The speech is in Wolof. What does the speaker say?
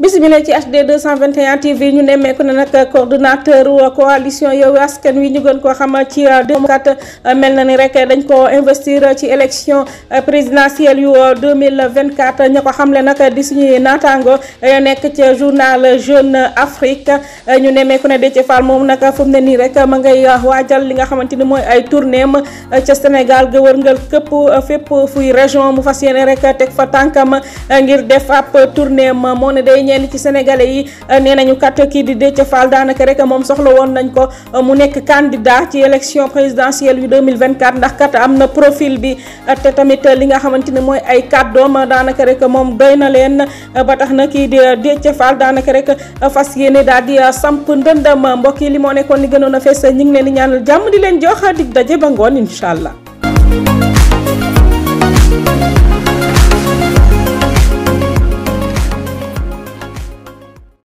bisimilah ci HD 221 TV ñu nemmeeku ne nag coordonnateur coalition Yewwi Askan Wi ñu gën koo xam ci 2004 euh, na ni rek dañ ko investir ci élection euh, présidentielle yu 2024 euh, ña ko xamle nag di suñuy naataango nekk ci journal Jeune Afrique ñu nemmeeku ne Déthié Fall moom nag fu mu ne nii rek ma ngay waajal li nga xamante ni mooy ay tournée am ca Sénégal ga wërngal këpp fépp fuy région mu fas yéene rek teg fa tànkam ngir def ab tournée ne day ñenn ci sénégale yi euh, nee nañu kat kii di Déthié Fall daanaka rek moom soxla woon nañ ko euh, mu nekk candidat ci élection présidentielle yu 2024 ndax kat am na profil bi euh, te tamit li nga xamante ne mooy ay doom daanaka rek moom doy na leen ba tax na kii di Déthié Fall daanaka rek fas yéene daal di samp ndëndam mbokk yi li moo nekkoon li gënoon a fees ñu ngi leen di ñaanal jàmm di leen jox dig daje ba ngoon incha allah.